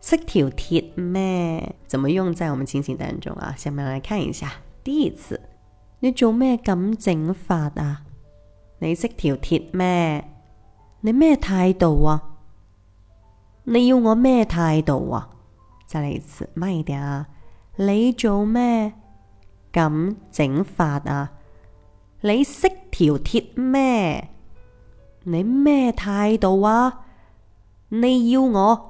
識條鐵咩？怎麼用在我們情景當中啊？下面來看一下。第一次，你做咩咁整法啊？你識條鐵咩？你咩態度啊？你要我咩態度啊？再嚟一次，慢一啲啊？你做咩咁整法啊？你識條鐵咩？你咩態度啊？你要我？